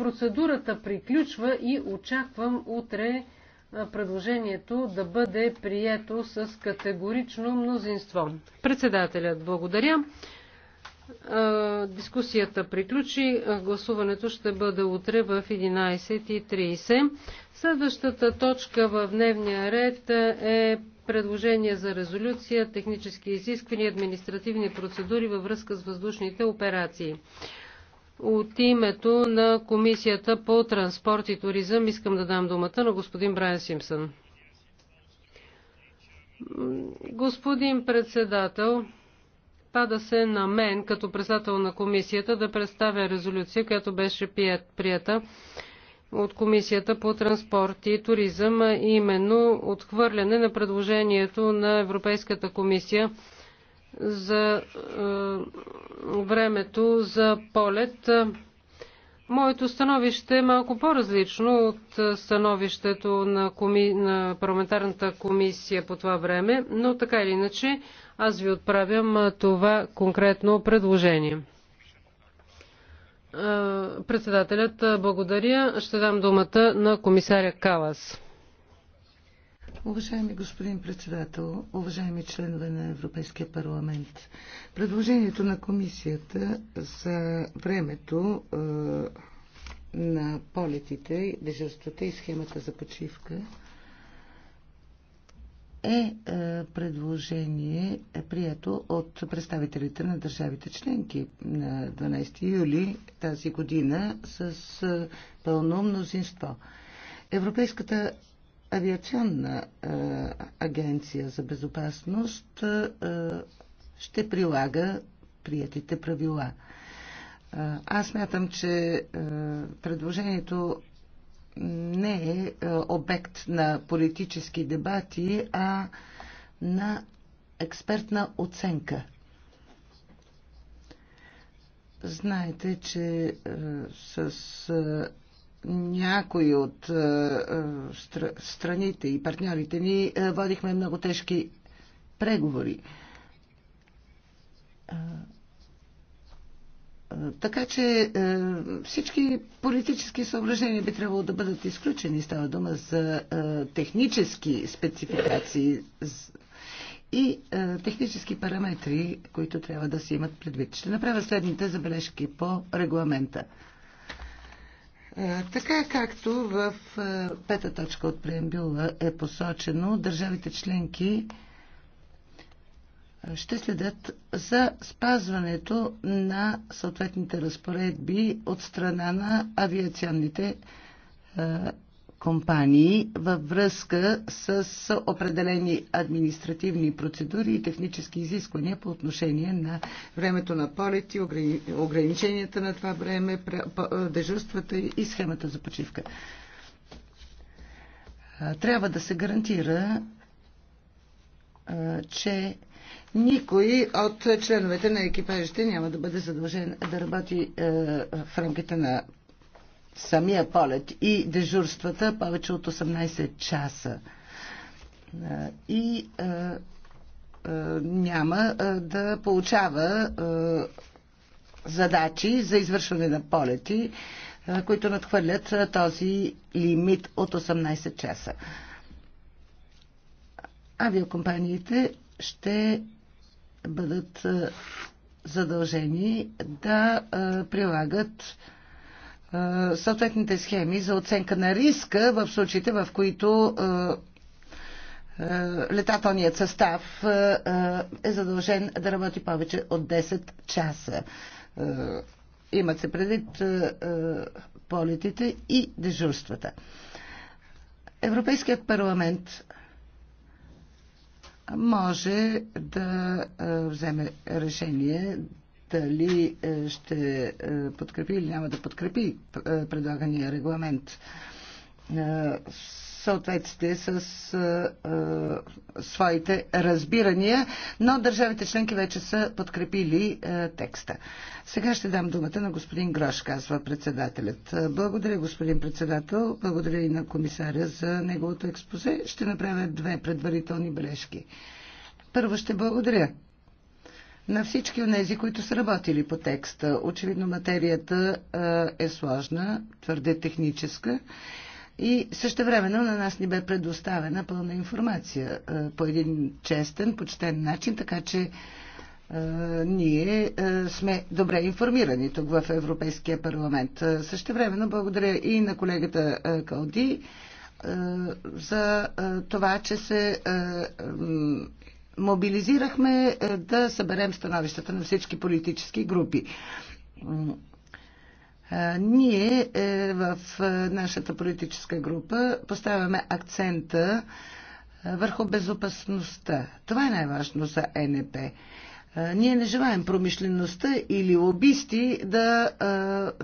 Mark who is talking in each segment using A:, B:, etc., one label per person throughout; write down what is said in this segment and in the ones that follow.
A: Процедурата приключва и очаквам утре предложението да бъде прието с категорично мнозинство. Председателят, благодаря. Дискусията приключи. Гласуването ще бъде утре в 11.30. Следващата точка в дневния ред е предложение за резолюция, технически изисквания, административни процедури във връзка с въздушните операции. От името на Комисията по транспорт и туризъм искам да дам думата на господин Брайан Симпсън. Господин председател, пада се на мен като председател на комисията да представя резолюция, която беше прията от Комисията по транспорт и туризъм, именно отхвърляне на предложението на Европейската комисия за е, времето за полет. Моето становище е малко по-различно от е, становището на, коми... на парламентарната комисия по това време, но така или иначе аз ви отправям е, това конкретно предложение. Председателят благодаря. Ще дам думата на комисаря Калас.
B: Уважаеми господин председател, уважаеми членове на Европейския парламент, предложението на комисията за времето е, на полетите, дежурствата и схемата за почивка е, е предложение е прието от представителите на държавите членки на 12 юли тази година с е, пълно мнозинство. Европейската авиационна агенция за безопасност ще прилага приятите правила. Аз мятам, че предложението не е обект на политически дебати, а на експертна оценка. Знаете, че с някои от е, е, страните и партньорите ни е, водихме много тежки преговори. Така че всички политически съображения би трябвало да бъдат изключени. Става дума за технически спецификации и технически параметри, които трябва да се имат предвид. Ще направя следните забележки по регламента. Така както в пета точка от преембюла е посочено, държавите членки ще следят за спазването на съответните разпоредби от страна на авиационните компании във връзка с определени административни процедури и технически изисквания по отношение на времето на полети, ограниченията на това време, дежурствата и схемата за почивка. Трябва да се гарантира, че никой от членовете на екипажите няма да бъде задължен да работи в рамките на самия полет и дежурствата повече от 18 часа. И няма да получава задачи за извършване на полети, които надхвърлят този лимит от 18 часа. Авиокомпаниите ще бъдат задължени да прилагат съответните схеми за оценка на риска в случаите, в които летателният състав е задължен да работи повече от 10 часа. Имат се предвид полетите и дежурствата. Европейският парламент може да вземе решение дали е, ще е, подкрепи или няма да подкрепи е, предлагания регламент съответствие с своите разбирания, но държавите членки вече са подкрепили текста. Сега ще дам думата на господин Грош, казва председателят. Благодаря, господин председател. Благодаря и на комисаря за неговото експозе. Ще направя две предварителни бележки. Първо ще благодаря на всички от тези, които са работили по текста. Очевидно материята е, е сложна, твърде техническа и също времено на нас ни бе предоставена пълна информация е, по един честен, почтен начин, така че е, ние сме добре информирани тук в Европейския парламент. Също времено благодаря и на колегата Калди за това, че се мобилизирахме е, да съберем становищата на всички политически групи. Е, ние е, в нашата политическа група поставяме акцента върху безопасността. Това е най-важно за НП. Ние не желаем промишлеността или лобисти да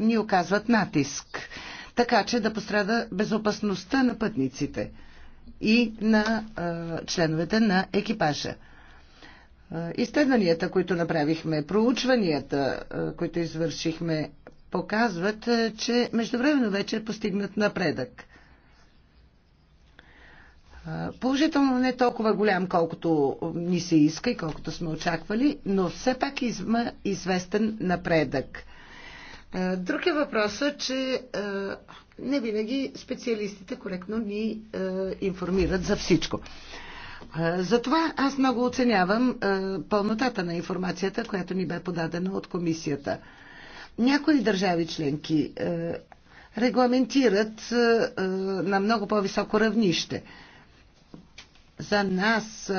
B: ни оказват натиск, така че да пострада безопасността на пътниците и на членовете на екипажа. Изследванията, които направихме, проучванията, които извършихме, показват, че междувременно вече е постигнат напредък. Положително не е толкова голям, колкото ни се иска и колкото сме очаквали, но все пак има известен напредък. Друг е въпросът, че не винаги специалистите коректно ни е, информират за всичко. Е, затова аз много оценявам е, пълнотата на информацията, която ни бе подадена от комисията. Някои държави членки е, регламентират на много по-високо равнище. За нас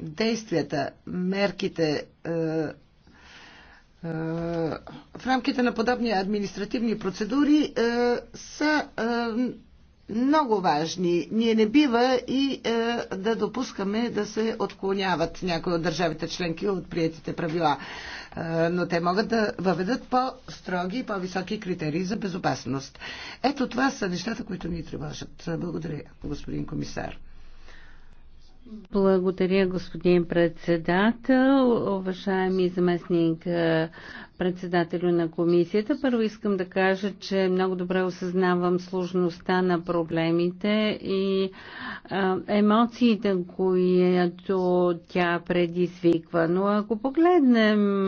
B: действията, мерките е, в рамките на подобни административни процедури е, са е, много важни. Ние не бива и е, да допускаме да се отклоняват някои от държавите членки от приятите правила. Е, но те могат да въведат по-строги и по-високи критерии за безопасност. Ето това са нещата, които ни тревожат. Благодаря, господин комисар. Благодаря, господин председател,
C: уважаеми заместник е, председателю на комисията. Първо искам да кажа, че много добре осъзнавам сложността на проблемите и е, емоциите, които тя предизвиква. Но ако погледнем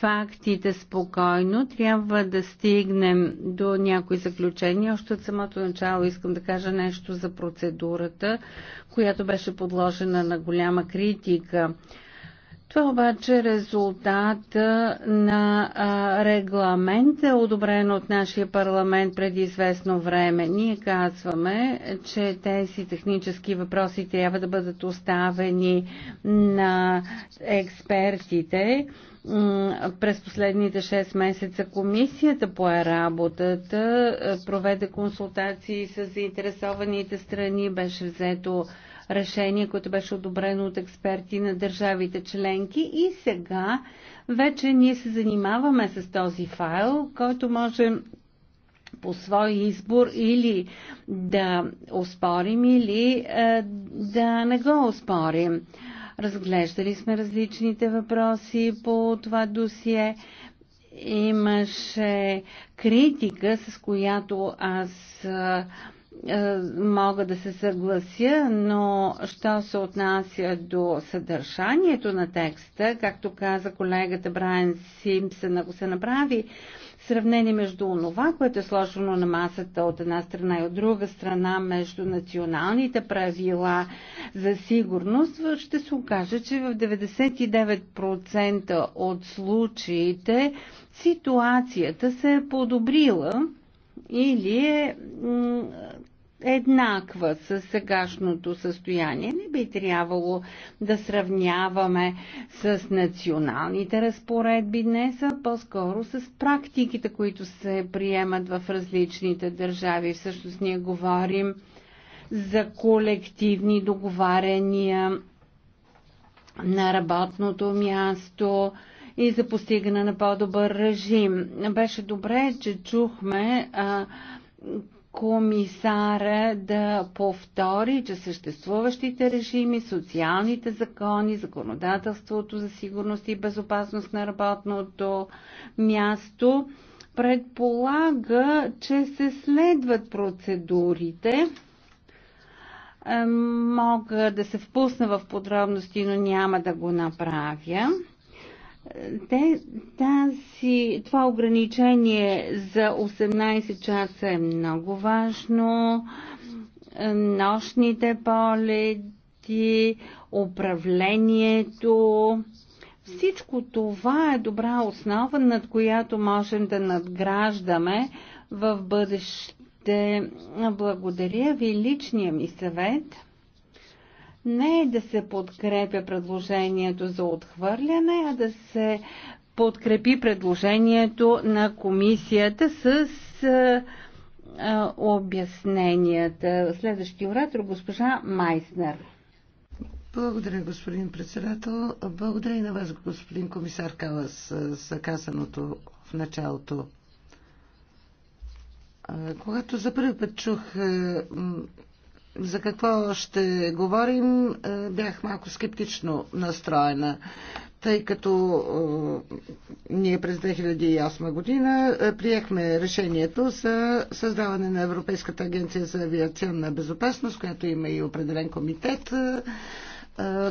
C: фактите спокойно. Трябва да стигнем до някои заключения. Още от самото начало искам да кажа нещо за процедурата, която беше подложена на голяма критика. Това обаче е резултат на регламент, одобрен от нашия парламент преди известно време. Ние казваме, че тези технически въпроси трябва да бъдат оставени на експертите. През последните 6 месеца комисията пое работата, проведе консултации с заинтересованите страни, беше взето решение, което беше одобрено от експерти на държавите членки. И сега вече ние се занимаваме с този файл, който може по свой избор или да оспорим, или е, да не го оспорим. Разглеждали сме различните въпроси по това досие. Имаше критика, с която аз е, е, мога да се съглася, но що се отнася до съдържанието на текста, както каза колегата Брайан Симпсън, ако се направи сравнение между онова, което е сложено на масата от една страна и от друга страна, между националните правила за сигурност, ще се окаже, че в 99% от случаите ситуацията се е подобрила или е еднаква с сегашното състояние. Не би трябвало да сравняваме с националните разпоредби днес, а по-скоро с практиките, които се приемат в различните държави. Всъщност ние говорим за колективни договарения, на работното място, и за постигане на по-добър режим. Беше добре, че чухме а, комисара да повтори, че съществуващите режими, социалните закони, законодателството за сигурност и безопасност на работното място предполага, че се следват процедурите. Е, мога да се впусна в подробности, но няма да го направя. Те, тази, това ограничение за 18 часа е много важно. Нощните полети, управлението, всичко това е добра основа, над която можем да надграждаме в бъдеще. Благодаря ви личния ми съвет – не е да се подкрепя предложението за отхвърляне, а да се подкрепи предложението на комисията с а, а, обясненията. Следващия оратор госпожа Майснер.
B: Благодаря, господин председател. Благодаря и на вас, господин комисар Калас, за казаното в началото. Когато за първи път чух за какво ще говорим, е, бях малко скептично настроена, тъй като е, ние през 2008 година е, приехме решението за създаване на Европейската агенция за авиационна безопасност, която има и определен комитет,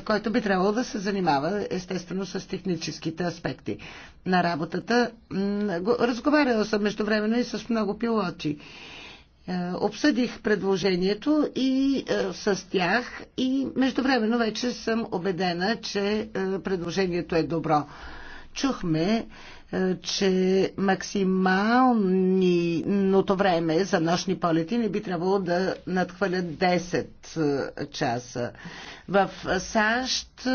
B: който би трябвало да се занимава естествено с техническите аспекти на работата. Разговаряла съм междувременно и с много пилоти. Е, обсъдих предложението и е, с тях и междувременно вече съм убедена, че е, предложението е добро. Чухме, че максималното време за нощни полети не би трябвало да надхвърлят 10 часа. В САЩ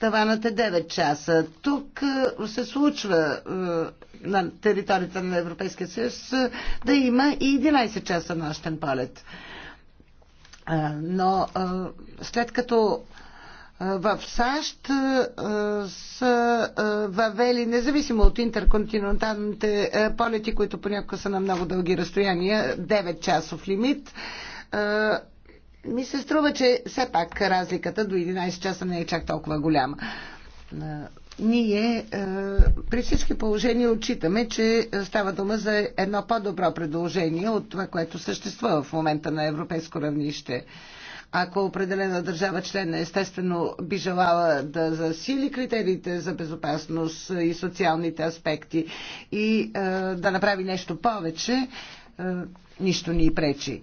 B: Таванът е 9 часа. Тук е, се случва е, на територията на Европейския съюз е, да има и 11 часа нощен полет. Но след като в САЩ са въвели, независимо от интерконтиненталните полети, които понякога са на много дълги разстояния, 9 часов лимит, ми се струва, че все пак разликата до 11 часа не е чак толкова голяма. Ние е, при всички положения отчитаме, че става дума за едно по-добро предложение от това, което съществува в момента на европейско равнище. Ако определена държава член естествено би желала да засили критериите за безопасност и социалните аспекти и е, да направи нещо повече, е, нищо ни пречи.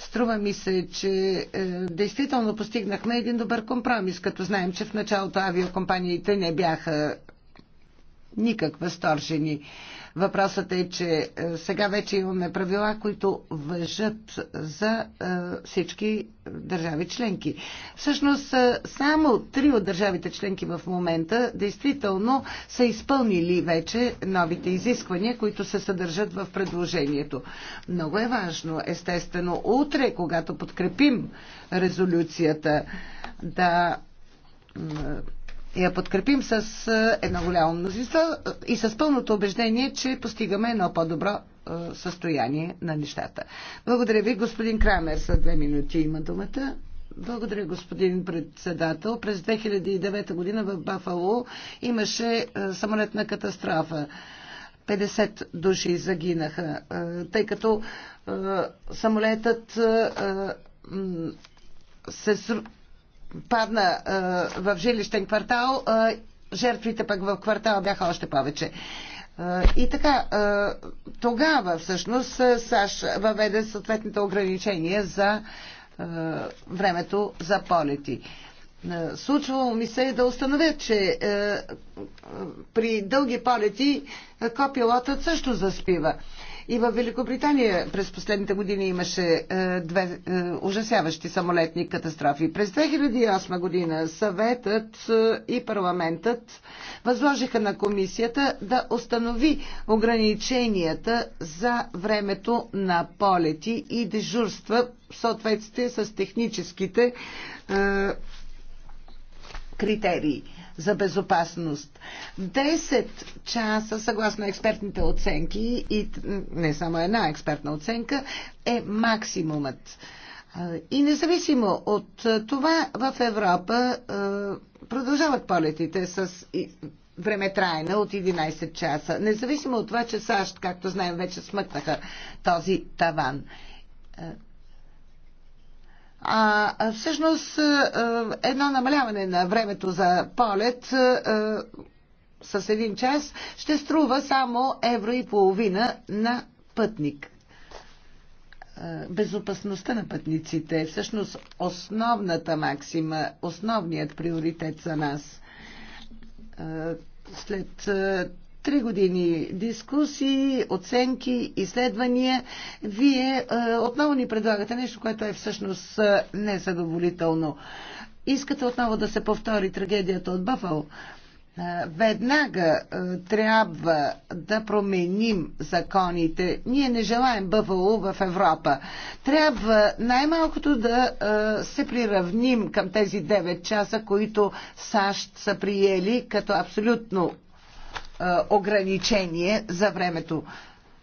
B: Струва ми се, че е, действително постигнахме един добър компромис, като знаем, че в началото авиокомпаниите не бяха никак възторжени. Въпросът е, че е, сега вече имаме правила, които въжат за е, всички държави членки. Всъщност, е, само три от държавите членки в момента действително са изпълнили вече новите изисквания, които се съдържат в предложението. Много е важно, естествено, утре, когато подкрепим резолюцията, да я подкрепим с е, едно голямо мнозинство е, и с пълното убеждение, че постигаме едно по-добро е, състояние на нещата. Благодаря ви, господин Крамер, за две минути има думата. Благодаря, господин председател. През 2009 година в Бафало имаше самолетна катастрофа. 50 души загинаха, тъй като самолетът се падна в жилищен квартал, жертвите пък в квартал бяха още повече. И така, тогава всъщност САЩ въведе съответните ограничения за времето за полети. Случвало ми се да установя, че при дълги полети копилотът също заспива. И в Великобритания през последните години имаше е, две е, ужасяващи самолетни катастрофи. През 2008 година съветът е, и парламентът възложиха на комисията да установи ограниченията за времето на полети и дежурства в съответствие с техническите критерии за безопасност. 10 часа, съгласно експертните оценки, и не само една експертна оценка, е максимумът. И независимо от това, в Европа продължават полетите с време трайна от 11 часа. Независимо от това, че САЩ, както знаем, вече смъкнаха този таван. А, всъщност едно намаляване на времето за полет а, с един час ще струва само евро и половина на пътник. Безопасността на пътниците е всъщност основната максима, основният приоритет за нас. След Три години дискусии, оценки, изследвания. Вие е, отново ни предлагате нещо, което е всъщност е, незадоволително. Искате отново да се повтори трагедията от Бъфъл. Е, веднага е, трябва да променим законите. Ние не желаем БВО в Европа. Трябва най-малкото да е, се приравним към тези 9 часа, които САЩ са приели като абсолютно ограничение за времето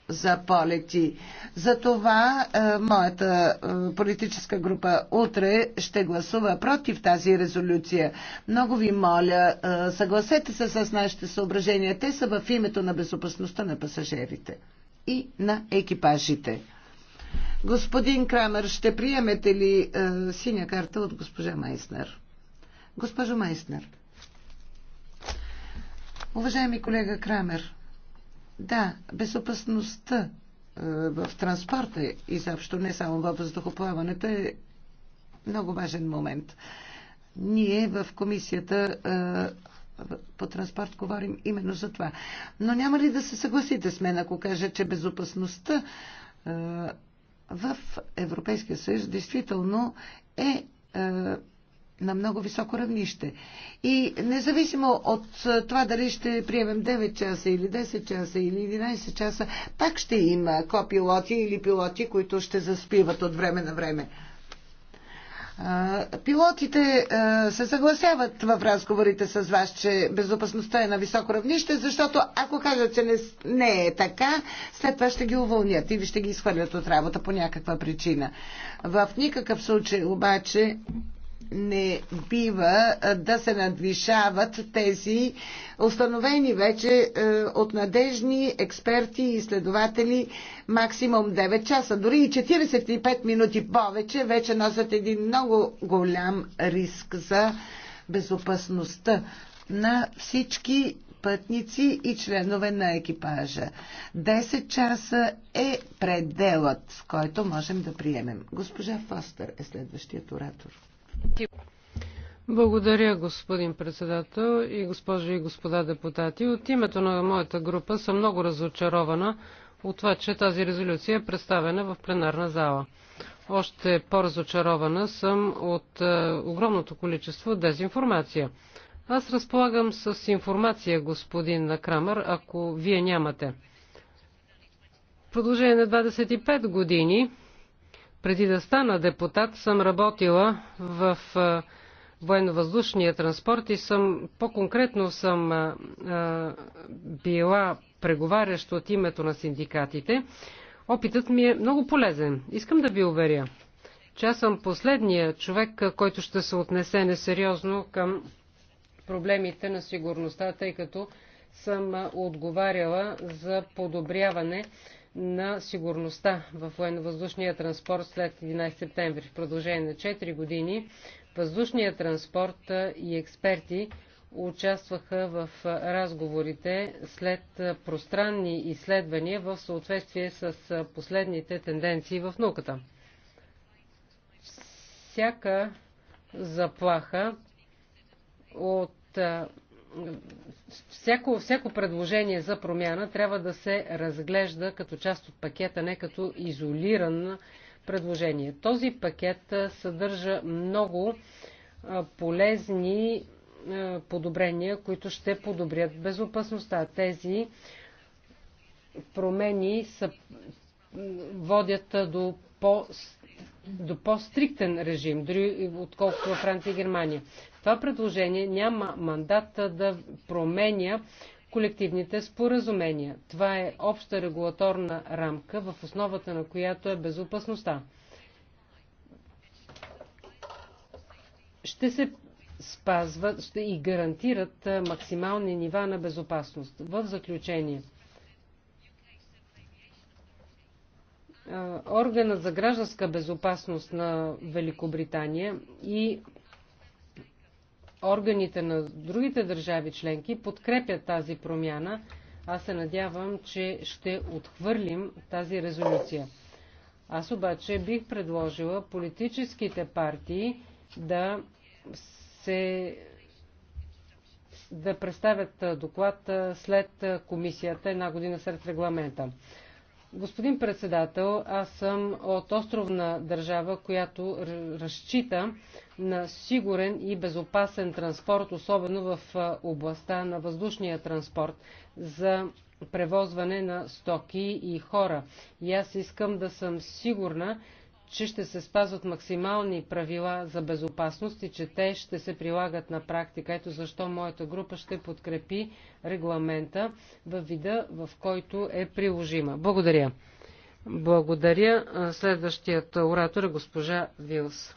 B: за полети. Затова моята политическа група утре ще гласува против тази резолюция. Много ви моля, съгласете се с нашите съображения. Те са в името на безопасността на пасажирите и на екипажите. Господин Крамер, ще приемете ли синя карта от госпожа Майснер? Госпожо Майснер. Уважаеми колега Крамер, да, безопасността е, в транспорта и заобщо не само във въздухоплаването е много важен момент. Ние в комисията е, по транспорт говорим именно за това. Но няма ли да се съгласите с мен, ако кажа, че безопасността е, в Европейския съюз действително е на много високо равнище. И независимо от това дали ще приемем 9 часа или 10 часа или 11 часа, пак ще има копилоти или пилоти, които ще заспиват от време на време. Пилотите се съгласяват в разговорите с вас, че безопасността е на високо равнище, защото ако кажат, че не, е така, след това ще ги уволнят или ще ги изхвърлят от работа по някаква причина. В никакъв случай обаче не бива да се надвишават тези установени вече е, от надежни експерти и изследователи максимум 9 часа. Дори и 45 минути повече вече носят един много голям риск за безопасността на всички пътници и членове на екипажа. 10 часа е пределът, в който можем да приемем. Госпожа Фостер е следващият оратор.
A: Благодаря, господин председател и госпожи и господа депутати. От името на моята група съм много разочарована от това, че тази резолюция е представена в пленарна зала. Още по-разочарована съм от е, огромното количество дезинформация. Аз разполагам с информация, господин Крамер, ако вие нямате. В продължение на 25 години преди да стана депутат съм работила в военно-въздушния транспорт и съм по-конкретно съм а, била преговаряща от името на синдикатите. Опитът ми е много полезен. Искам да ви уверя, че аз съм последния човек, който ще се отнесе несериозно към проблемите на сигурността, тъй като съм отговаряла за подобряване на сигурността в военно-въздушния транспорт след 11 септември. В продължение на 4 години въздушният транспорт и експерти участваха в разговорите след пространни изследвания в съответствие с последните тенденции в науката. Всяка заплаха от всяко, всяко предложение за промяна трябва да се разглежда като част от пакета, не като изолиран предложение. Този пакет съдържа много полезни подобрения, които ще подобрят безопасността. Тези промени са, водят до по-стабилност до по-стриктен режим, дори отколкото във Франция и Германия. Това предложение няма мандат да променя колективните споразумения. Това е обща регулаторна рамка, в основата на която е безопасността. Ще се спазват и гарантират максимални нива на безопасност. В заключение – органът за гражданска безопасност на Великобритания и органите на другите държави членки подкрепят тази промяна. Аз се надявам, че ще отхвърлим тази резолюция. Аз обаче бих предложила политическите партии да се да представят доклад след комисията една година след регламента. Господин председател, аз съм от островна държава, която разчита на сигурен и безопасен транспорт, особено в областта на въздушния транспорт за превозване на стоки и хора. И аз искам да съм сигурна, че ще се спазват максимални правила за безопасност и че те ще се прилагат на практика. Ето защо моята група ще подкрепи регламента във вида, в който е приложима. Благодаря. Благодаря. Следващият оратор е госпожа Вилс.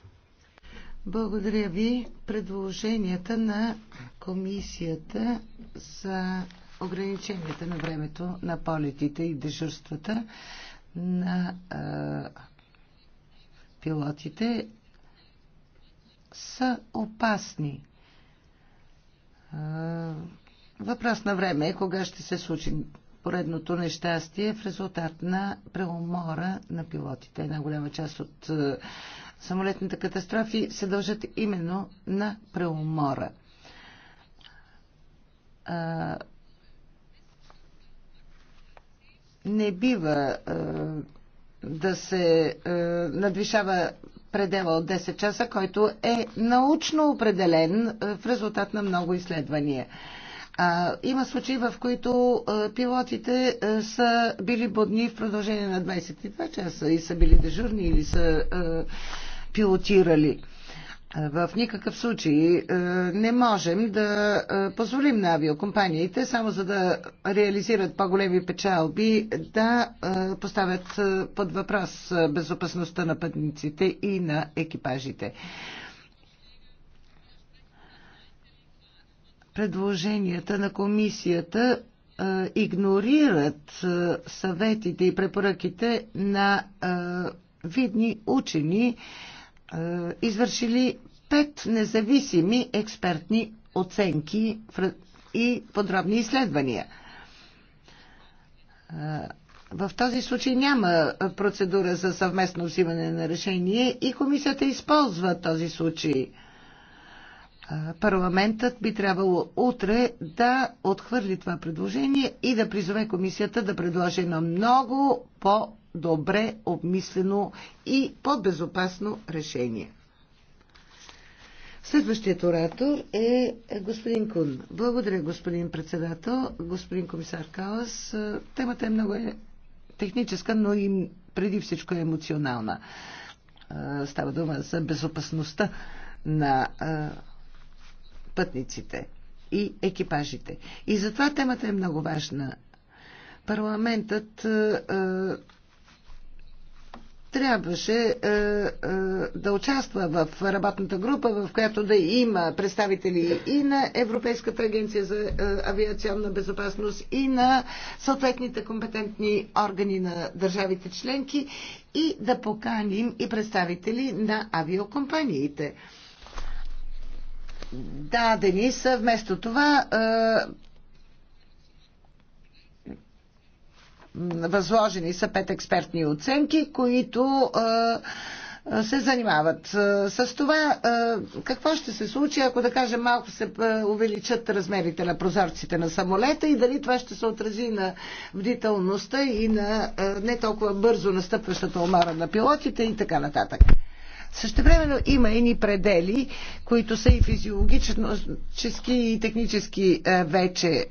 B: Благодаря ви. Предложенията на комисията за ограниченията на времето на полетите и дежурствата на пилотите са опасни. Въпрос на време е кога ще се случи поредното нещастие в резултат на преумора на пилотите. Една голяма част от самолетните катастрофи се дължат именно на преумора. Не бива да се е, надвишава предела от 10 часа, който е научно определен е, в резултат на много изследвания. А, има случаи, в които а, е, пилотите а, е, са били бодни в продължение на 22 часа и са били дежурни или са а, пилотирали. В никакъв случай е, не можем да е, позволим на авиокомпаниите, само за да реализират по-големи печалби, да е, поставят под въпрос безопасността на пътниците и на екипажите. Предложенията на комисията игнорират съветите и препоръките на видни учени, е, извършили пет независими експертни оценки и подробни изследвания. Е, в този случай няма процедура за съвместно взимане на решение и комисията използва този случай. Е, парламентът би трябвало утре да отхвърли това предложение и да призове комисията да предложи едно много по добре обмислено и по-безопасно решение. Следващият оратор е господин Кун. Благодаря, господин председател, господин комисар Калас. Темата е много е техническа, но и преди всичко е емоционална. Става дума за безопасността на пътниците и екипажите. И затова темата е много важна. Парламентът трябваше е, е, да участва в работната група, в която да има представители и на Европейската агенция за е, авиационна безопасност, и на съответните компетентни органи на държавите членки, и да поканим и представители на авиокомпаниите. Да, Дениса, вместо това е, Възложени са пет експертни оценки, които се занимават с това. Какво ще се случи, ако да кажем малко се увеличат размерите на прозорците на самолета и дали това ще се отрази на бдителността и на не толкова бързо настъпващата омара на пилотите и така нататък. Същевременно има и ни предели, които са и физиологически и технически вече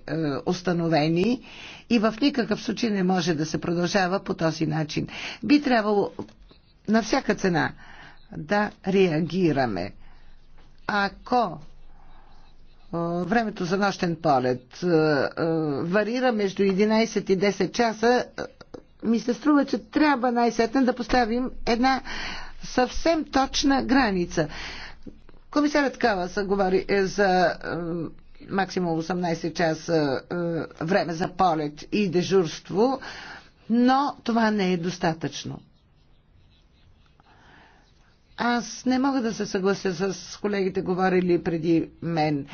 B: установени и в никакъв случай не може да се продължава по този начин. Би трябвало на всяка цена да реагираме. Ако времето за нощен полет варира между 11 и 10 часа, ми се струва, че трябва най-сетне да поставим една съвсем точна граница. Комисарят Каласа говори е, за максимум 18 часа е, време за полет и дежурство, но това не е достатъчно. Аз не мога да се съглася с колегите, говорили преди мен.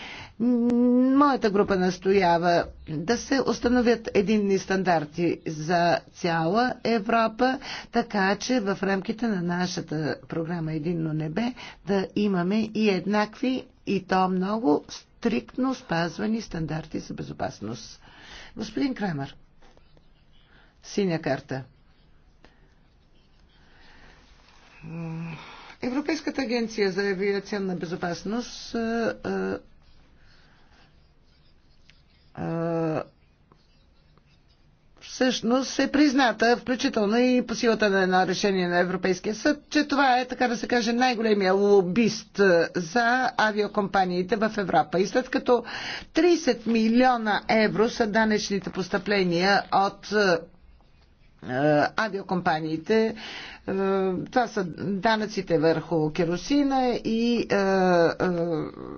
B: Моята група настоява да се установят единни стандарти за цяла Европа, така че в рамките на нашата програма Единно небе да имаме и еднакви и то много стриктно спазвани стандарти за безопасност. Господин Крамер, синя карта. Европейската агенция за авиационна безопасност всъщност е призната, включително и по силата на едно решение на Европейския съд, че това е, така да се каже, най-големия лобист е, за авиокомпаниите в Европа. И след като 30 милиона евро са данъчните постъпления от е, е, авиокомпаниите. Това са данъците върху керосина и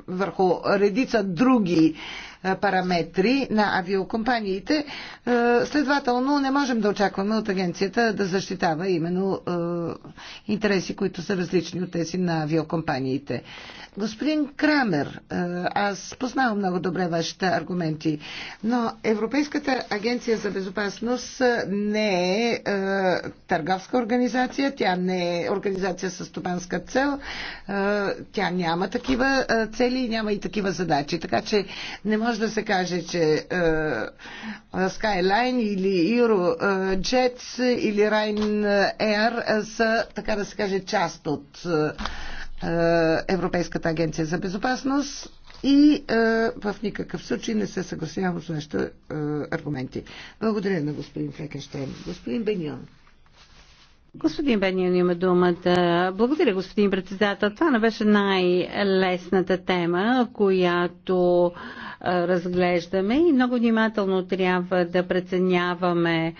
B: върху редица други е, параметри на авиокомпаниите. Е, следователно не можем да очакваме от агенцията да защитава именно е, интереси, които са различни от тези на авиокомпаниите. Господин Крамер, аз познавам много добре вашите аргументи, но Европейската агенция за безопасност не е, търговска организация, тя не е организация с стопанска цел, тя няма такива цели и няма и такива задачи, така че не може може да се каже, че е, Skyline или Eurojets е, или Ryanair е, са, така да се каже, част от е, е, Европейската агенция за безопасност и е, в никакъв случай не се съгласявам с нашите е, аргументи. Благодаря на господин Флекенштейн. Господин Беньон.
C: Господин Бенион има думата. Благодаря, господин председател. Това не беше най-лесната тема, която разглеждаме и много внимателно трябва да преценяваме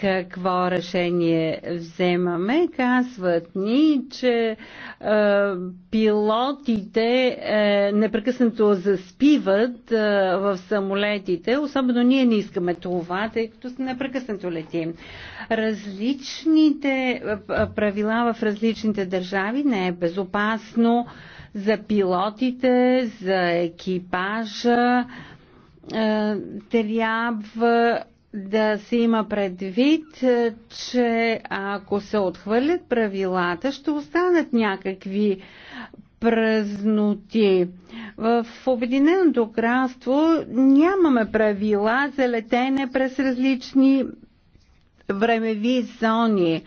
C: какво решение вземаме. Казват ни, че пилотите непрекъснато заспиват в самолетите. Особено ние не искаме това, тъй като непрекъснато летим. Различните правила в различните държави не е безопасно за пилотите, за екипажа. Е, трябва да се има предвид, че ако се отхвърлят правилата, ще останат някакви празноти. В Обединеното кралство нямаме правила за летене през различни времеви зони.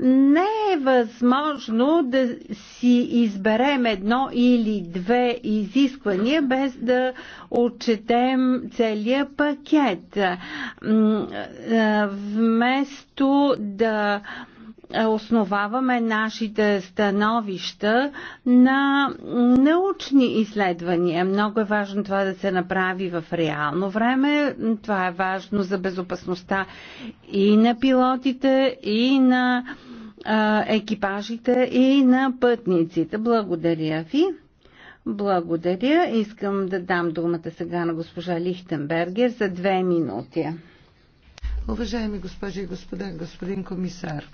C: Не е възможно да си изберем едно или две изисквания без да отчетем целия пакет. Вместо да основаваме нашите становища на научни изследвания. Много е важно това да се направи в реално време. Това е важно за безопасността и на пилотите, и на екипажите, и на пътниците. Благодаря ви. Благодаря. Искам да дам думата сега на госпожа
B: Лихтенбергер за две минути. Уважаеми госпожи и господа, господин комисар,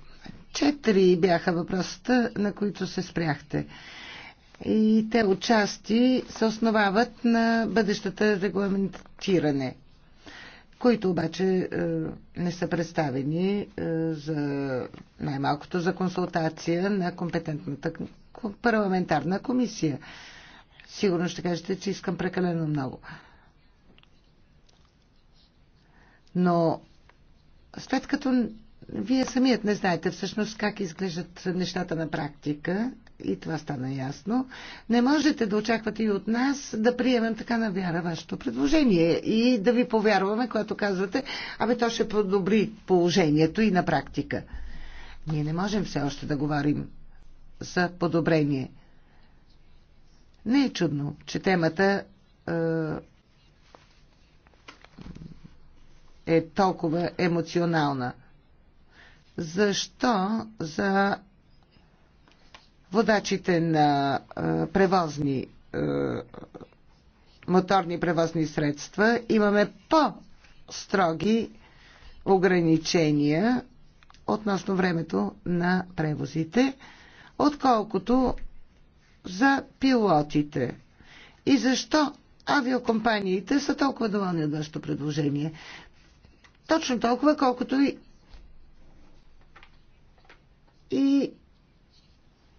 B: Четири бяха въпросите, на които се спряхте. И те отчасти се основават на бъдещата регламентиране, които обаче е, не са представени е, за най-малкото за консултация на компетентната парламентарна комисия. Сигурно ще кажете, че искам прекалено много. Но след като вие самият не знаете всъщност как изглеждат нещата на практика и това стана ясно. Не можете да очаквате и от нас да приемем така на вяра вашето предложение и да ви повярваме, когато казвате, абе то ще подобри положението и на практика. Ние не можем все още да говорим за подобрение. Не е чудно, че темата е, е толкова емоционална защо за водачите на превозни моторни превозни средства имаме по-строги ограничения относно времето на превозите, отколкото за пилотите. И защо авиокомпаниите са толкова доволни от нашето предложение? Точно толкова, колкото и и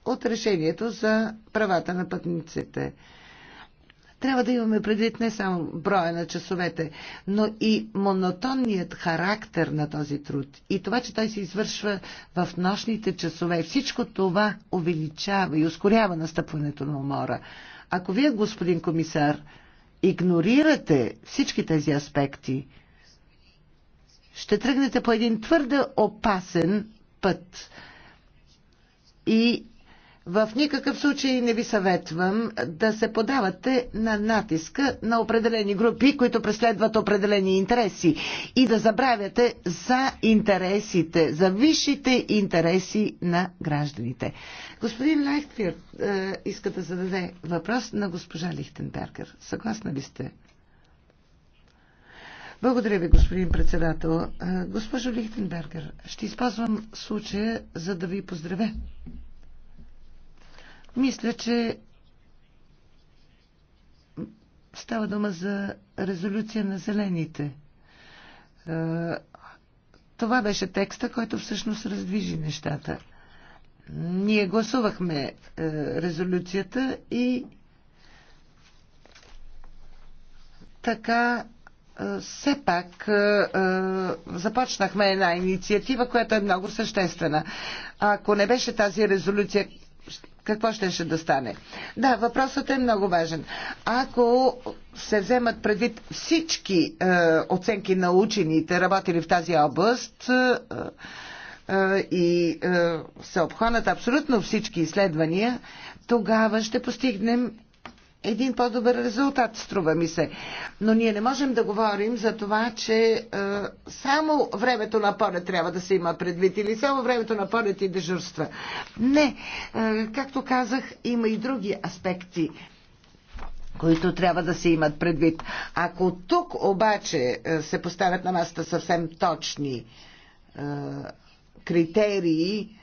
B: от решението за правата на пътниците. Трябва да имаме предвид не само броя на часовете, но и монотонният характер на този труд. И това, че той се извършва в нощните часове. Всичко това увеличава и ускорява настъпването на умора. Ако вие, господин комисар, игнорирате всички тези аспекти, ще тръгнете по един твърде опасен път. И в никакъв случай не ви съветвам да се подавате на натиска на определени групи, които преследват определени интереси и да забравяте за интересите, за висшите интереси на гражданите. Господин Лайхтфирд е, иска да зададе въпрос на госпожа Лихтенбергер. Съгласна ли сте? Благодаря ви, господин председател. Госпожо Лихтенбергер, ще използвам случая, за да ви поздравя. Мисля, че става дума за резолюция на зелените. Това беше текста, който всъщност раздвижи нещата. Ние гласувахме е, резолюцията и така е, все пак е, е, започнахме една инициатива, която е много съществена. Ако не беше тази резолюция, какво ще, ще да стане? Да, въпросът е много важен. Ако се вземат предвид всички е, оценки на учените, работили в тази област, е, е, и е, се обхванат абсолютно всички изследвания, тогава ще постигнем един по-добър резултат, струва ми се. Но ние не можем да говорим за това, че е, само времето на полет трябва да се има предвид или само времето на полет и дежурства. Не, е, както казах, има и други аспекти които трябва да се имат предвид. Ако тук обаче е, се поставят на масата съвсем точни е, критерии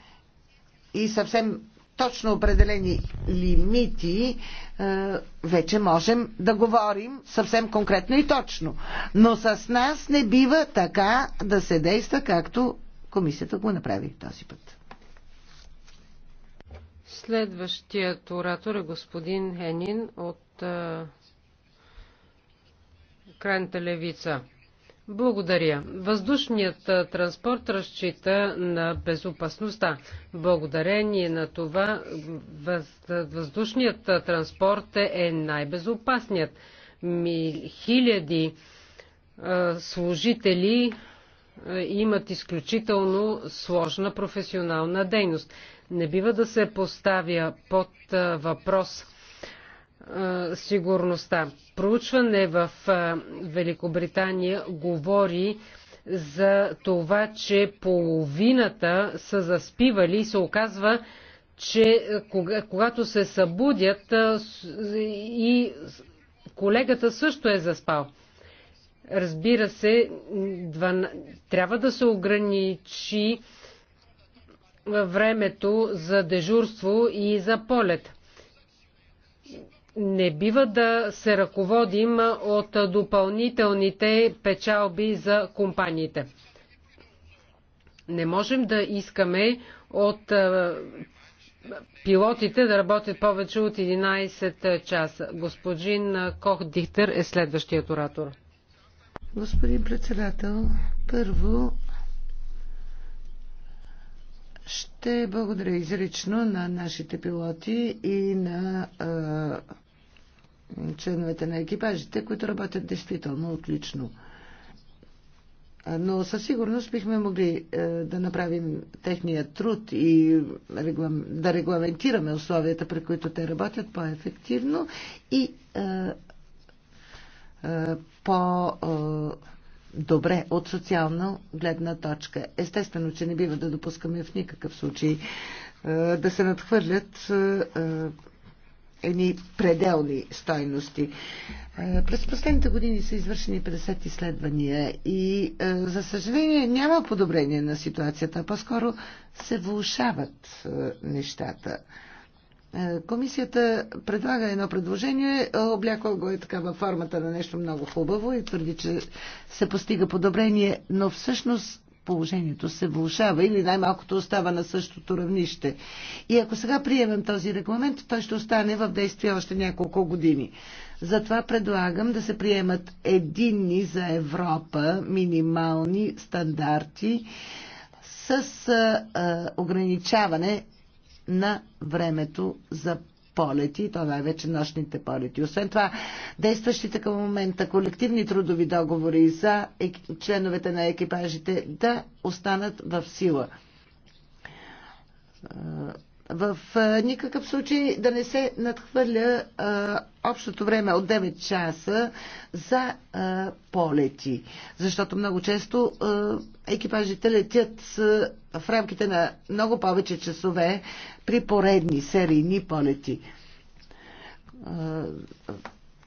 B: и съвсем точно определени лимити, е, вече можем да говорим съвсем конкретно и точно. Но с нас не бива така да се действа, както комисията го направи този път.
A: Следващият оратор е господин Енин от е, крайната левица. Благодаря. Въздушният транспорт разчита на безопасността. Благодарение на това въздушният транспорт е най-безопасният. Хиляди служители имат изключително сложна професионална дейност. Не бива да се поставя под въпрос сигурността. Проучване в Великобритания говори за това, че половината са заспивали и се оказва, че когато се събудят и колегата също е заспал. Разбира се, трябва да се ограничи времето за дежурство и за полет не бива да се ръководим от допълнителните печалби за компаниите. Не можем да искаме от е, пилотите да работят повече от 11 часа. Господин Кох Дихтер е следващият оратор.
B: Господин председател, първо ще благодаря изрично на нашите пилоти и на е, членовете на екипажите, които работят действително отлично. Но със сигурност бихме могли е, да направим техния труд и да регламентираме условията, при които те работят по-ефективно и е, е, по-добре от социална гледна точка. Естествено, че не бива да допускаме в никакъв случай да се надхвърлят едни пределни стойности. Е, през последните години са извършени 50 изследвания и, е, за съжаление, няма подобрение на ситуацията, а по-скоро се влушават е, нещата. Комисията предлага едно предложение, облякла го е така във формата на нещо много хубаво и твърди, че се постига подобрение, но всъщност положението се влушава или най-малкото остава на същото равнище. И ако сега приемем този регламент, той ще остане в действие още няколко години. Затова предлагам да се приемат единни за Европа минимални стандарти с а, ограничаване на времето за полети, то най-вече нощните полети. Освен това, действащите към момента колективни трудови договори за членовете на екипажите да останат в сила в никакъв случай да не се надхвърля а, общото време от 9 часа за а, полети. Защото много често а, екипажите летят с, в рамките на много повече часове при поредни серийни полети. А,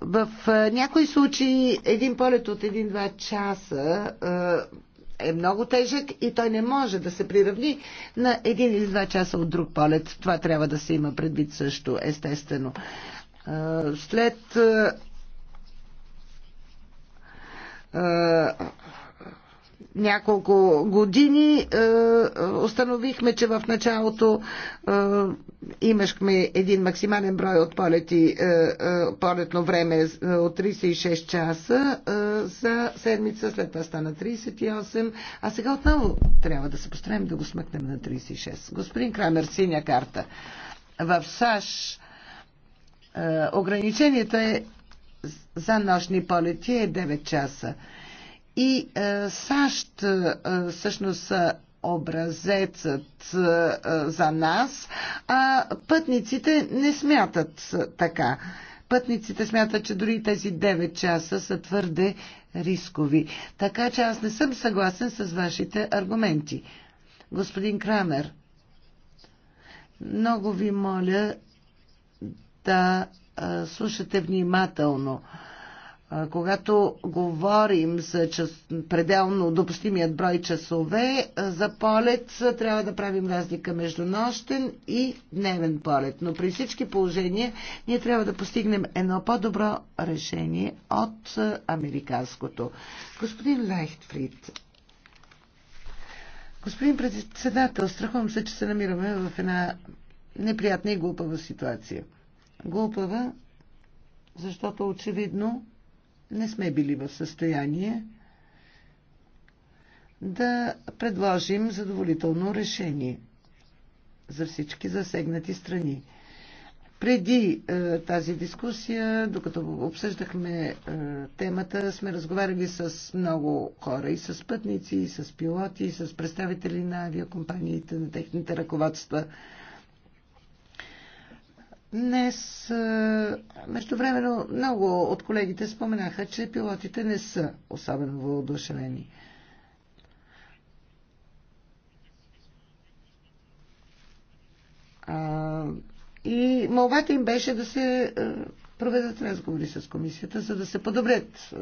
B: в някои случаи един полет от 1-2 часа е много тежък и той не може да се приравни на един или два часа от друг полет. Това трябва да се има предвид също, естествено. След няколко години е, установихме, че в началото е, имахме един максимален брой от полети, е, полетно време от 36 часа за седмица, след това стана 38, а сега отново трябва да се постараем да го смъкнем на 36. Господин Крамер, синя карта. В САЩ ограничението е за нощни полети е 9 часа. И е, САЩ е, всъщност са образецът е, за нас, а пътниците не смятат така. Пътниците смятат, че дори тези 9 часа са твърде рискови. Така че аз не съм съгласен с вашите аргументи. Господин Крамер, много ви моля да слушате внимателно. Когато говорим за час, пределно допустимият брой часове за полет, трябва да правим разлика между нощен и дневен полет. Но при всички положения ние трябва да постигнем едно по-добро решение от американското. Господин Лайхтфрид, господин председател, страхувам се, че се намираме в една неприятна и глупава ситуация. Глупава, защото очевидно не сме били в състояние да предложим задоволително решение за всички засегнати страни. Преди е, тази дискусия, докато обсъждахме е, темата, сме разговаряли с много хора, и с пътници, и с пилоти, и с представители на авиакомпаниите, на техните ръководства. Днес, междувременно, много от колегите споменаха, че пилотите не са особено въодушевени. И молбата им беше да се проведат разговори с комисията, за да се подобрят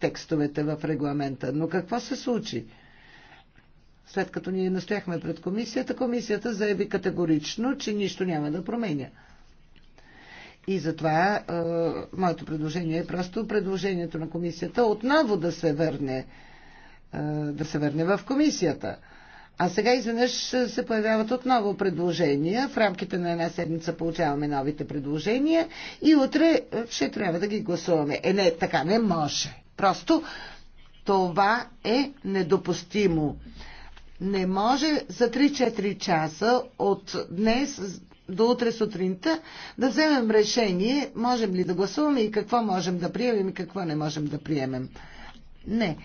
B: текстовете в регламента. Но какво се случи? След като ние настояхме пред комисията, комисията заяви категорично, че нищо няма да променя. И затова е, моето предложение е просто предложението на комисията отново да се върне, е, да се върне в комисията. А сега изведнъж се появяват отново предложения. В рамките на една седмица получаваме новите предложения и утре ще трябва да ги гласуваме. Е, не, така не може. Просто това е недопустимо. Не може за 3-4 часа от днес до утре сутринта да вземем решение, можем ли да гласуваме и какво можем да приемем и какво не можем да приемем. Не.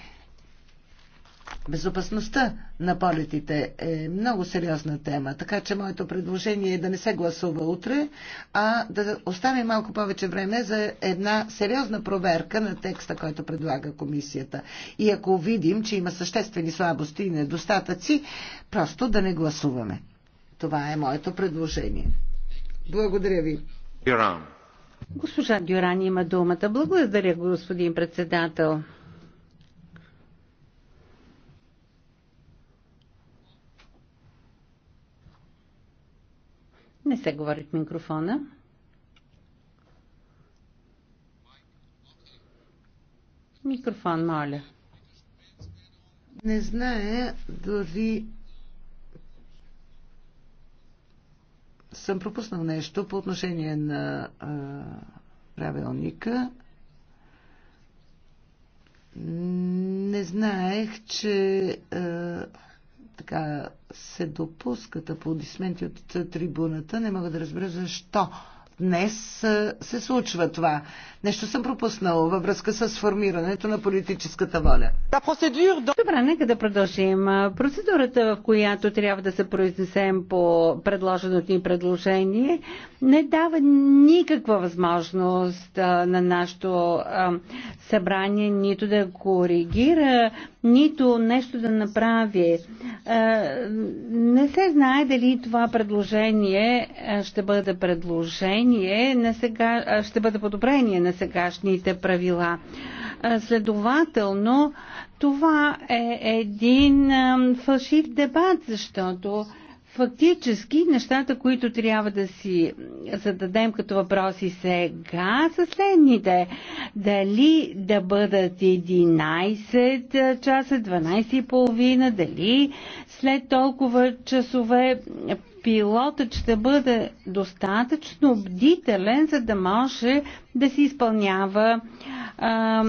B: Безопасността на полетите е много сериозна тема, така че моето предложение е да не се гласува утре, а да остане малко повече време за една сериозна проверка на текста, който предлага комисията. И ако видим, че има съществени слабости и недостатъци, просто да не гласуваме. Това е моето предложение. Благодаря ви.
A: Дюран.
C: Госпожа Дюран има думата. Благодаря, господин председател. Не се говори в микрофона.
B: Микрофон, моля. Не знае дори съм пропуснал нещо по отношение на правилника. Не знаех, че така се допускат аплодисменти от трибуната. Не мога да разбера защо днес се случва това. Нещо съм пропуснала във връзка с формирането на политическата воля.
C: Добре, нека да продължим. Процедурата, в която трябва да се произнесем по предложеното ни предложение, не дава никаква възможност на нашето събрание нито да коригира, нито нещо да направи. Не се знае дали това предложение ще бъде предложение на сега, ще бъде подобрение на сегашните правила. Следователно, това е един фалшив дебат, защото Фактически нещата, които трябва да си зададем като въпроси сега са следните. Дали да бъдат 11 часа, 12 и половина, дали след толкова часове пилотът ще бъде достатъчно бдителен, за да може да си изпълнява а,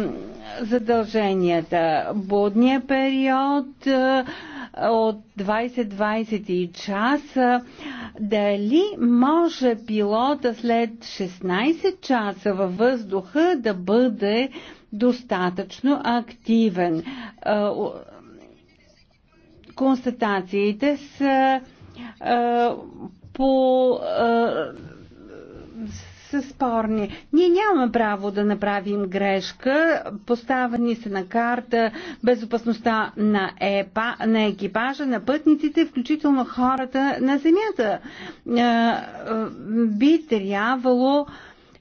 C: задълженията. Будния период, а, от 20 20 часа, дали може пилота след 16 часа във въздуха да бъде достатъчно активен. Констатациите са по са спорни. Ние нямаме право да направим грешка. Поставени са на карта безопасността на, епа, на екипажа, на пътниците, включително хората на земята. Е, е, би трябвало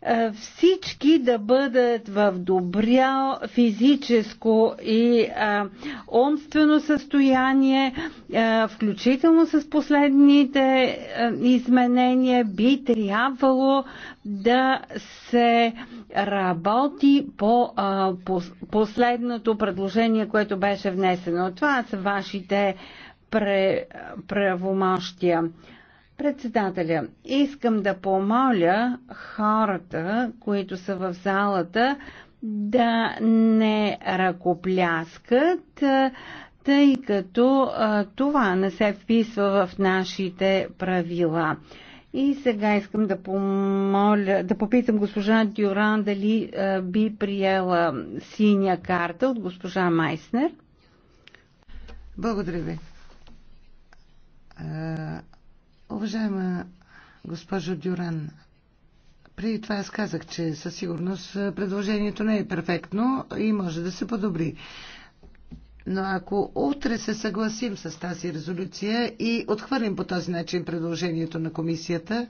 C: е, всички да бъдат в добря физическо и а, е, умствено състояние, а, е, включително с последните а, изменения, би трябвало да се работи по, а, по последното предложение, което беше внесено. Това са вашите правомощия. Председателя, искам да помоля хората, които са в залата, да не ръкопляскат, тъй като а, това не се вписва в нашите правила. И сега искам да помоля, да попитам госпожа Дюран дали а, би приела синя карта от госпожа
B: Майснер. Благодаря ви. Уважаема госпожо Дюран, преди това аз казах, че със сигурност предложението не е перфектно и може да се подобри. Но ако утре се съгласим с тази резолюция и отхвърлим по този начин предложението на комисията,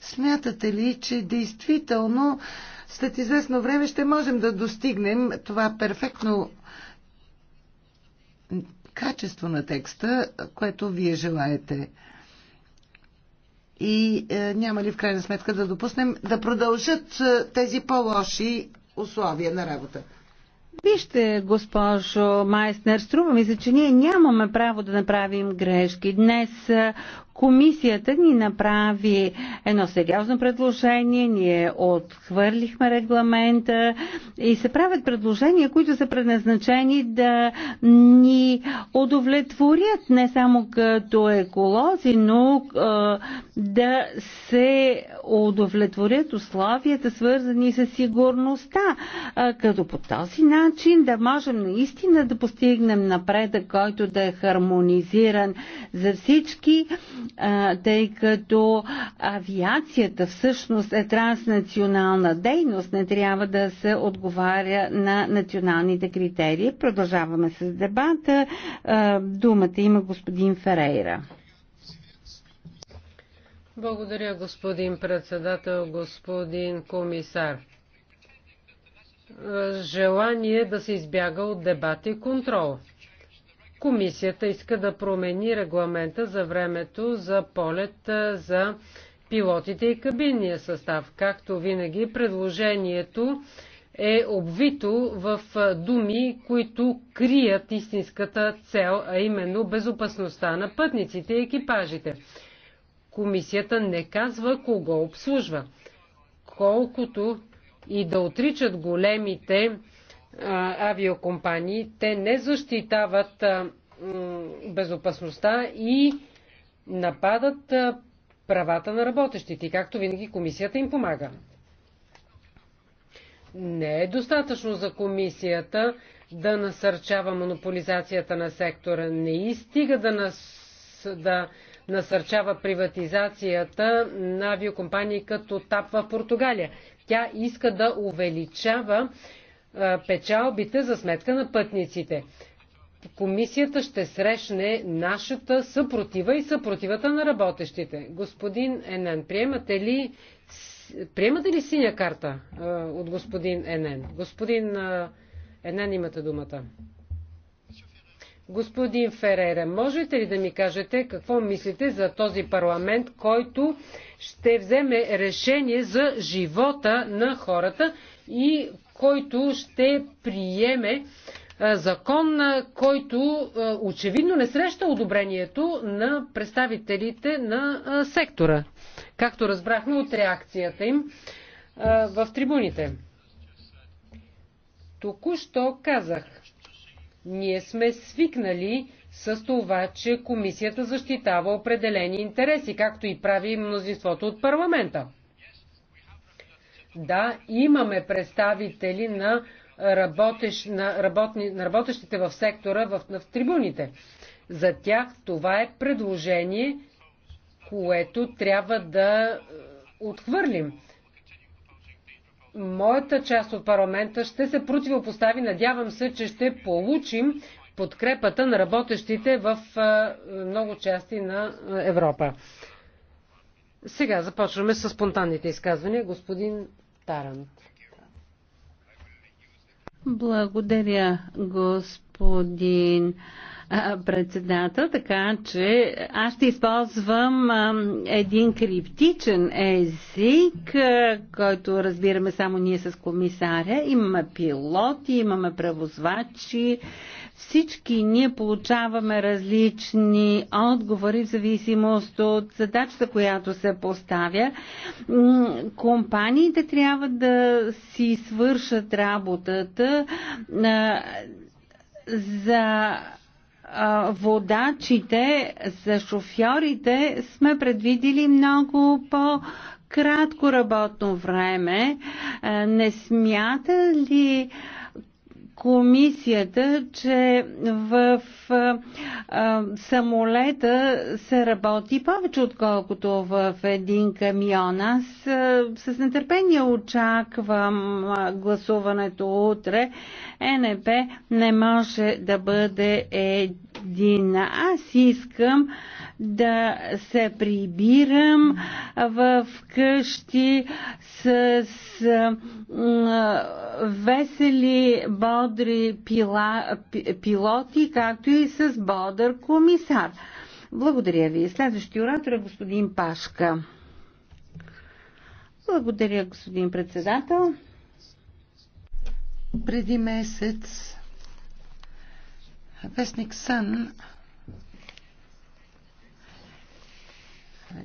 B: смятате ли, че действително след известно време ще можем да достигнем това перфектно качество на текста, което вие желаете? и е, няма ли в крайна сметка да допуснем да продължат е, тези по-лоши условия на работа? Вижте,
C: госпожо Майснер, струва ми се, че ние нямаме право да направим грешки. Днес е, Комисията ни направи едно сериозно предложение, ние отхвърлихме регламента и се правят предложения, които са предназначени да ни удовлетворят не само като еколози, но да се удовлетворят условията, свързани с сигурността, като по този начин да можем наистина да постигнем напредък, който да е хармонизиран за всички тъй като авиацията всъщност е транснационална дейност, не трябва да се отговаря на националните критерии. Продължаваме с дебата. Думата има господин Ферейра.
A: Благодаря, господин председател, господин комисар. Желание да се избяга от дебат и контрол. Комисията иска да промени регламента за времето за полет за пилотите и кабинния състав. Както винаги, предложението е обвито в думи, които крият истинската цел, а именно безопасността на пътниците и екипажите. Комисията не казва кого обслужва. Колкото и да отричат големите авиокомпании. Те не защитават безопасността и нападат правата на работещите. както винаги комисията им помага. Не е достатъчно за комисията да насърчава монополизацията на сектора. Не и стига да, нас, да насърчава приватизацията на авиокомпании като ТАП в Португалия. Тя иска да увеличава печалбите за сметка на пътниците. Комисията ще срещне нашата съпротива и съпротивата на работещите. Господин Енен, приемате ли, приемате ли синя карта от господин Енен? Господин Енен, имате думата. Господин Ферере, можете ли да ми кажете какво мислите за този парламент, който ще вземе решение за живота на хората и който ще приеме закон, който очевидно не среща одобрението на представителите на сектора, както разбрахме от реакцията им в трибуните. Току-що казах, ние сме свикнали с това, че комисията защитава определени интереси, както и прави мнозинството от парламента. Да, имаме представители на, работещ, на, работни, на работещите в сектора в, в трибуните. За тях това е предложение, което трябва да е, отхвърлим. Моята част от парламента ще се противопостави. Надявам се, че ще получим подкрепата на работещите в е, много части на
C: Европа.
A: Сега започваме с спонтанните изказвания. Господин Таран.
C: Благодаря, господин председател, така че аз ще използвам един криптичен език, който разбираме само ние с комисаря. Имаме пилоти, имаме превозвачи, всички ние получаваме различни отговори в зависимост от задачата, която се поставя. Компаниите трябва да си свършат работата за водачите, за шофьорите сме предвидили много по кратко работно време. Не смята ли комисията, че в а, самолета се работи повече, отколкото в един камион. Аз а, с нетърпение очаквам гласуването утре. НП не може да бъде един. Аз искам да се прибирам в къщи с весели, бодри пила, пилоти, както и с бодър комисар. Благодаря ви. Следващия оратор е господин Пашка. Благодаря, господин
B: председател. Преди месец вестник Сън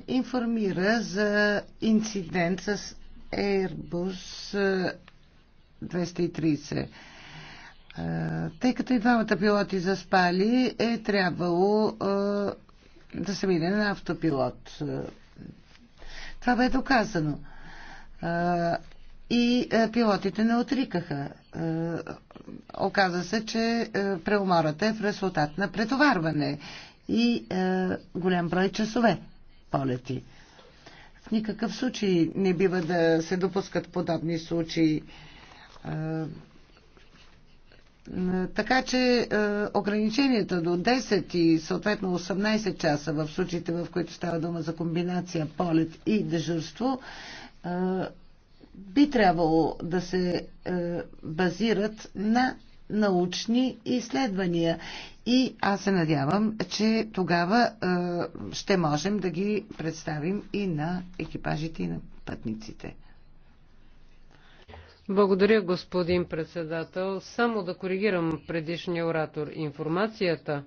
B: информира за инцидент с Airbus 230. Тъй като и двамата пилоти заспали, е трябвало да се мине на автопилот. Това бе доказано. И пилотите не отрикаха. Оказа се, че преумората е в резултат на претоварване и голям брой часове полети. В никакъв случай не бива да се допускат подобни случаи. Така че ограниченията до 10 и съответно 18 часа в случаите, в които става дума за комбинация полет и дежурство, би трябвало да се базират на научни изследвания и аз се надявам, че тогава е, ще можем да ги представим и на екипажите и на пътниците.
A: Благодаря, господин председател. Само да коригирам предишния оратор. Информацията,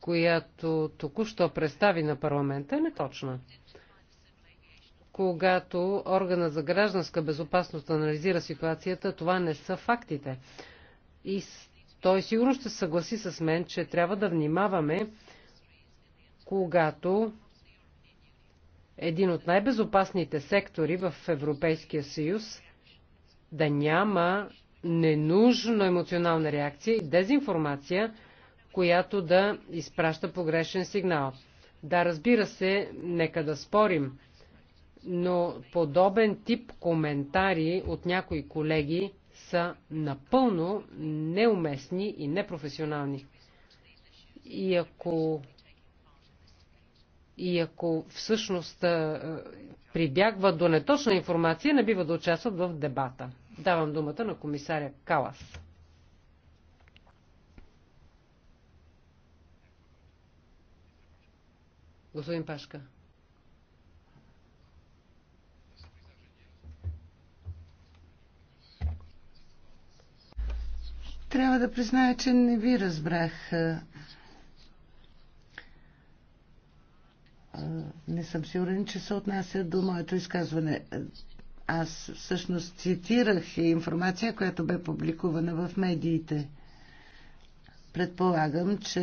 A: която току-що представи на парламента, е неточна. Когато органа за гражданска безопасност анализира ситуацията, това не са фактите. И той сигурно ще съгласи с мен, че трябва да внимаваме, когато един от най-безопасните сектори в Европейския съюз да няма ненужно емоционална реакция и дезинформация, която да изпраща погрешен сигнал. Да, разбира се, нека да спорим, но подобен тип коментари от някои колеги са напълно неуместни и непрофесионални. И ако, и ако всъщност прибягва до неточна информация, не бива да участват в дебата. Давам думата на комисаря Калас. Господин Пашка.
B: Трябва да призная, че не ви разбрах. Е, не съм сигурен, че се отнася до моето изказване. Аз всъщност цитирах информация, която бе публикувана в медиите. Предполагам, че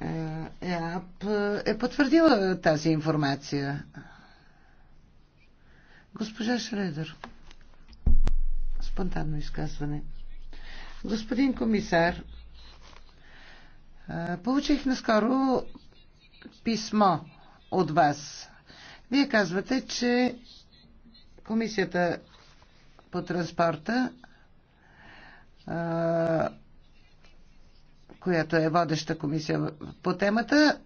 B: е, ЕАП е потвърдила тази информация. Госпожа Шредер, спонтанно изказване. Господин комисар, получих наскоро писмо от вас. Вие казвате, че Комисията по транспорта, която е водеща комисия по темата,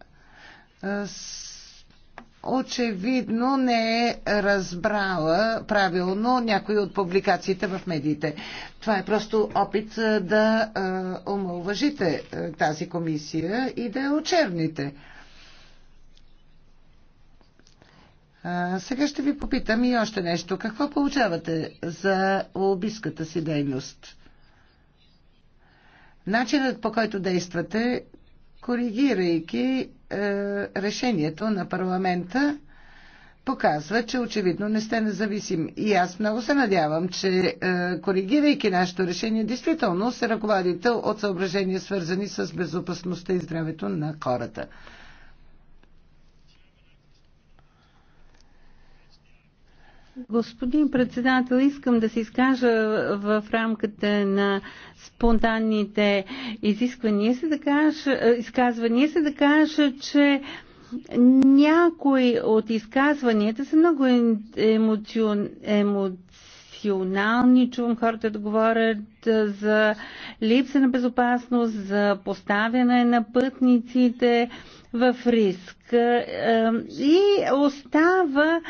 B: очевидно не е разбрала правилно някои от публикациите в медиите. Това е просто опит е, да е, омалважите е, тази комисия и да я очерните. Сега ще ви попитам и още нещо. Какво получавате за лобистката си дейност? Начинът по който действате, коригирайки е, решението на парламента показва, че очевидно не сте независим. И аз много се надявам, че е, коригирайки нашето решение, действително се ръководите от съображения свързани с безопасността и здравето на хората.
C: Господин председател, искам да се изкажа в рамката на спонтанните изисквания, се да кажа, изказвания, се да кажа, че някои от изказванията са много емоцион, емоционални. Чувам хората да говорят за липса на безопасност, за поставяне на пътниците в риск. Е, и остава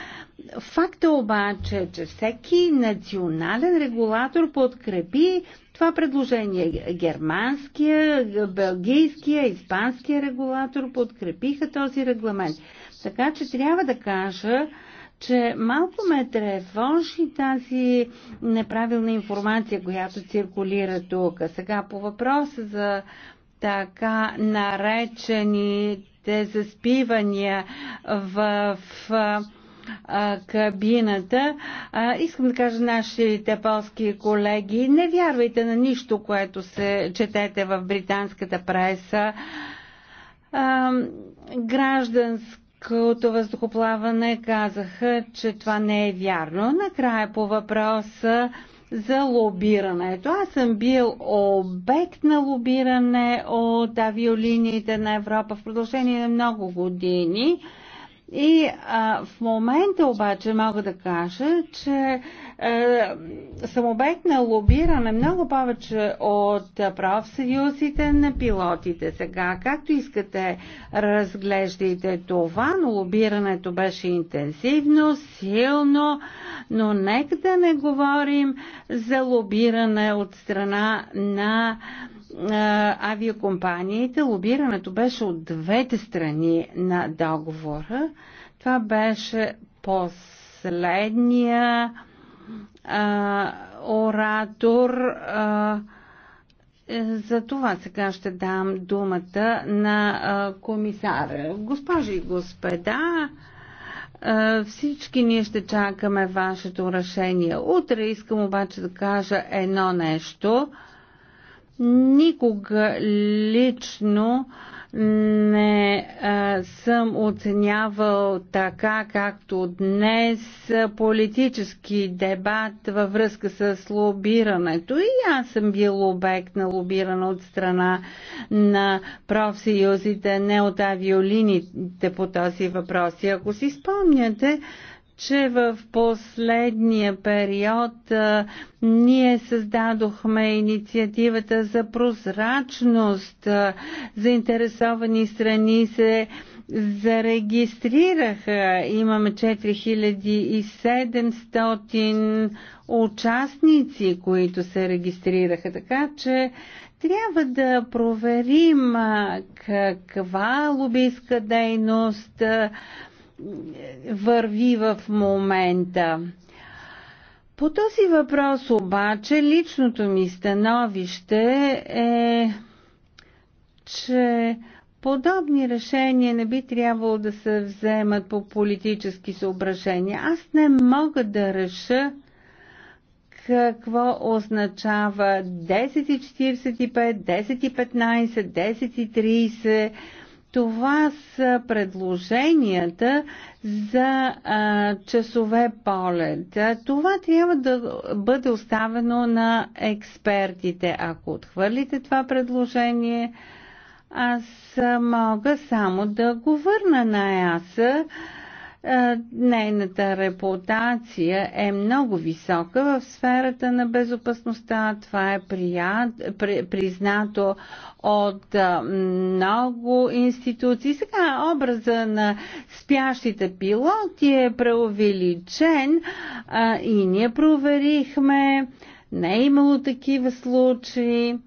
C: факта обаче, че всеки национален регулатор подкрепи това предложение. Германския, белгийския, испанския регулатор подкрепиха този регламент. Така че трябва да кажа, че малко ме тревожи тази неправилна информация, която циркулира тук. Сега по въпроса за така наречените техните заспивания в, в кабината. А, искам да кажа нашите полски колеги, не вярвайте на нищо, което се четете в британската преса. А, гражданското въздухоплаване казаха, че това не е вярно. Накрая по въпроса за лобирането. Аз съм бил обект на лобиране от авиолиниите на Европа в продължение на много години. И а, в момента обаче мога да кажа, че е, съм обект на лобиране много повече от профсъюзите на пилотите. Сега, както искате, разглеждайте това, но лобирането беше интенсивно, силно, но нека да не говорим за лобиране от страна на авиокомпаниите. Лобирането беше от двете страни на договора. Това беше последния а, оратор. А, е, за това сега ще дам думата на а, комисара. Госпожи и господа, всички ние ще чакаме вашето решение. Утре искам обаче да кажа едно нещо. Никога лично не а, съм оценявал така, както днес политически дебат във връзка с лобирането. И аз съм бил обект на лобиране от страна на профсъюзите, не от авиолините по този въпрос. И ако си спомняте, че в последния период а, ние създадохме инициативата за прозрачност. А, заинтересовани страни се зарегистрираха. Имаме 4700 участници, които се регистрираха. Така че трябва да проверим каква лобийска дейност върви в момента. По този въпрос обаче личното ми становище е, че подобни решения не би трябвало да се вземат по политически съображения. Аз не мога да реша какво означава 10.45, 10.15, 10.30 това са предложенията за а, часове полет. Това трябва да бъде оставено на експертите. Ако отхвърлите това предложение, аз мога само да го върна на ЕАСА е, нейната репутация е много висока в сферата на безопасността. Това е прият, при, признато от е, много институции. Сега образа на спящите пилоти е преувеличен а, е, и ние проверихме. Не е имало такива случаи,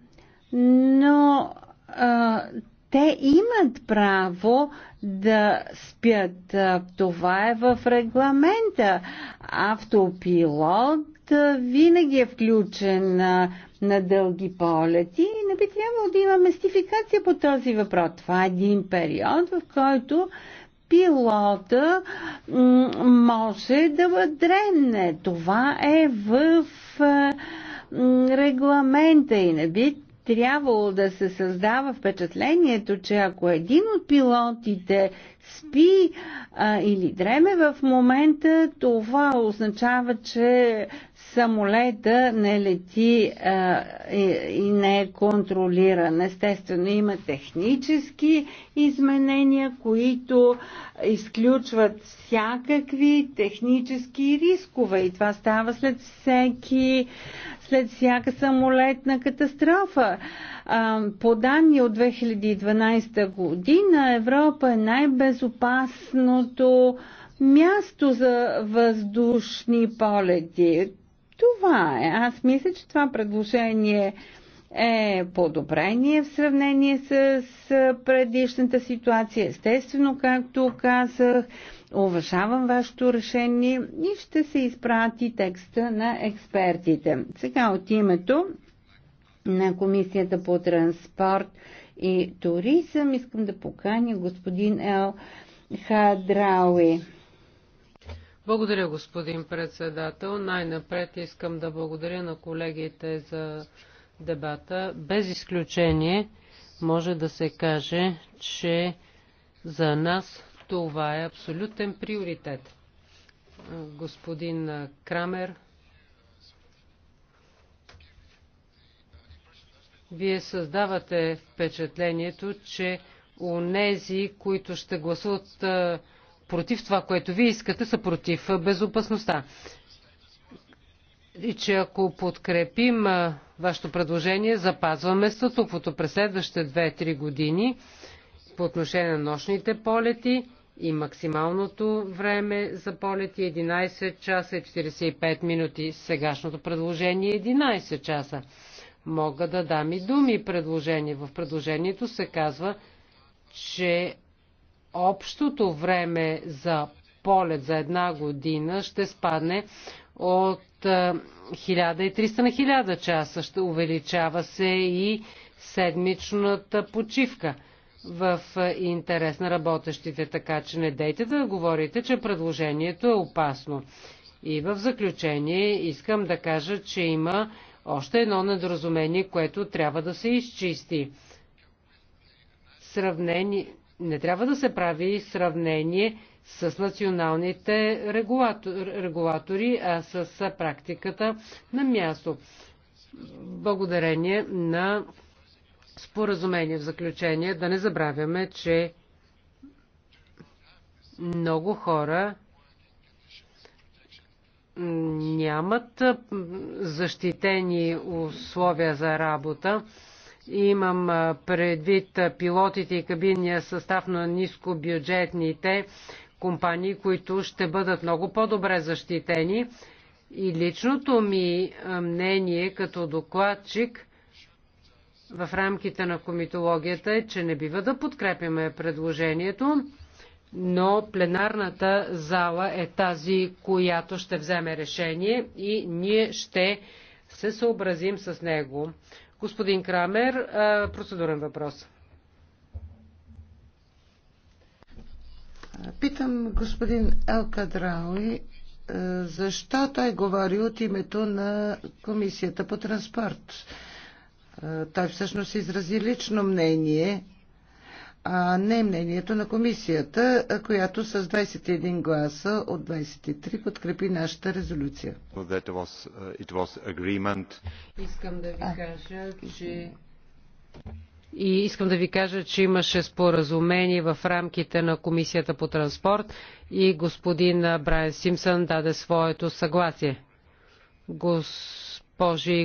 C: но а, те имат право да спят. Това е в регламента. Автопилот винаги е включен на, на дълги полети и не би трябвало да има мистификация по този въпрос. Това е един период, в който пилота може да дремне. Това е в регламента и не би трябвало да се създава впечатлението, че ако един от пилотите спи а, или дреме в момента, това означава, че самолета не лети а, и, и не е контролиран. Естествено, има технически изменения, които изключват всякакви технически рискове. И това става след всеки след всяка самолетна катастрофа. По данни от 2012 година Европа е най-безопасното място за въздушни полети. Това е. Аз мисля, че това предложение е подобрение в сравнение с предишната ситуация. Естествено, както казах, уважавам вашето решение и ще се изпрати текста на експертите. Сега от името на Комисията по транспорт и туризъм искам да поканя господин Ел Хадрауи.
A: Благодаря, господин председател. Най-напред искам да благодаря на колегите за дебата. Без изключение може да се каже, че за нас това е абсолютен приоритет. Господин Крамер, вие създавате впечатлението, че нези, които ще гласуват против това, което вие искате, са против безопасността. И че ако подкрепим вашето предложение, запазваме статуквото през следващите 2-3 години по отношение на нощните полети и максималното време за полети 11 е часа и 45 минути. Сегашното предложение е 11 часа. Мога да дам и думи предложение. В предложението се казва, че общото време за полет за една година ще спадне от 1300 е, на 1000 часа. Ще увеличава се и седмичната почивка в интерес на работещите, така че не дейте да говорите, че предложението е опасно. И в заключение искам да кажа, че има още едно недоразумение, което трябва да се изчисти. Сравнение не трябва да се прави сравнение с националните регулатори, а с практиката на място. Благодарение на споразумение в заключение, да не забравяме, че много хора нямат защитени условия за работа. Имам предвид пилотите и кабинния състав на нискобюджетните компании, които ще бъдат много по-добре защитени. И личното ми мнение като докладчик в рамките на комитологията е, че не бива да подкрепяме предложението, но пленарната зала е тази, която ще вземе решение и ние ще се съобразим с него. Господин Крамер, процедурен въпрос.
B: Питам господин Елкадрауи, защо той говори от името на Комисията по транспорт? Той всъщност изрази лично мнение а не е мнението на комисията, която с 21 гласа от 23 подкрепи нашата резолюция.
A: Was, uh, was искам да ви кажа, че и искам да ви кажа, че имаше споразумение в рамките на Комисията по транспорт и господин Брайан Симсън даде своето съгласие. Госпожи